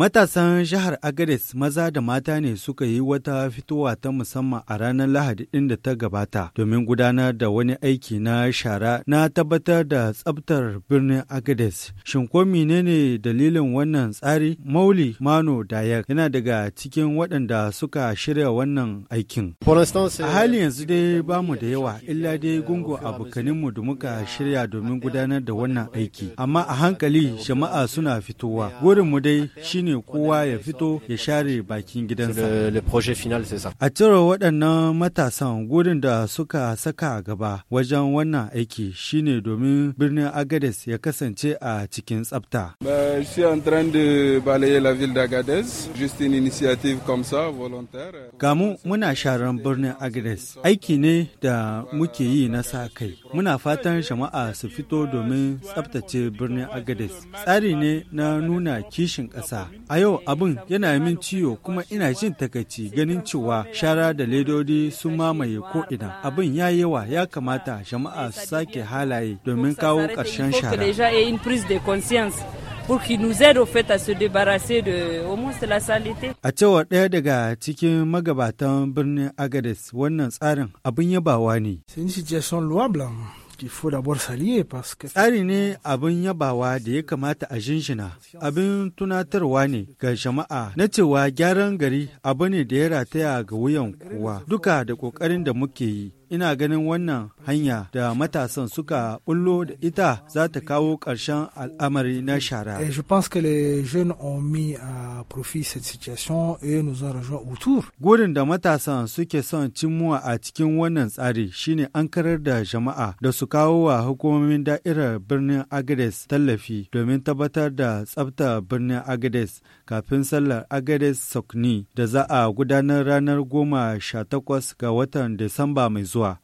Matasan jihar Agades maza da mata ne suka yi wata fitowa ta musamman a ranar Lahadi ɗin da ta gabata domin gudanar da wani aiki na shara na tabbatar da tsabtar birnin Agades. Shin ko menene dalilin wannan tsari? Mauli Mano Dayak yana daga cikin waɗanda suka shirya wannan aikin. A hali yanzu dai ba mu da yawa illa dai gungo abokaninmu da muka shirya domin gudanar da wannan aiki. Amma a hankali jama'a suna fitowa. Gurinmu dai shine ne kowa ya fito ya share bakin gidansa. A cire waɗannan matasan gurin da suka saka a gaba wajen wannan aiki shine domin birnin Agades ya kasance a cikin tsafta. Gamu muna sharan birnin Agades aiki ne da muke yi na sa kai. Muna fatan jama'a su fito domin tsaftace birnin Agades. Tsari ne na nuna kishin ƙasa A yau abin yana min ciwo kuma ina jin takaici ganin cewa shara da ledodi sun mamaye ko'ina. Abin ya yawa ya kamata jama'a su sake halaye domin kawo ƙarshen shara. pour nous au fait de au de la A cewar ɗaya daga cikin magabatan birnin Agadez wannan tsarin abin yabawa ne. C'est une situation louable. Tsari ne abin yabawa da ya kamata a jinjina, abin tunatarwa ne ga jama'a na cewa gyaran gari abu ne da ya rataya ga wuyan kowa duka da ƙoƙarin da muke yi. ina ganin wannan hanya da matasan suka bullo da ita za ta kawo ƙarshen al'amari na shara. Je pense que les jeunes ont mis à profit cette situation et nous ont rejoint autour. Gurin da matasan suke son cimmuwa a cikin wannan tsari shine an karar da jama'a da su kawo wa hukumomin da'irar birnin Agades tallafi domin tabbatar da tsafta birnin Agades kafin sallar Agades Sokni da za a gudanar ranar goma sha takwas ga watan Disamba mai zuwa. soi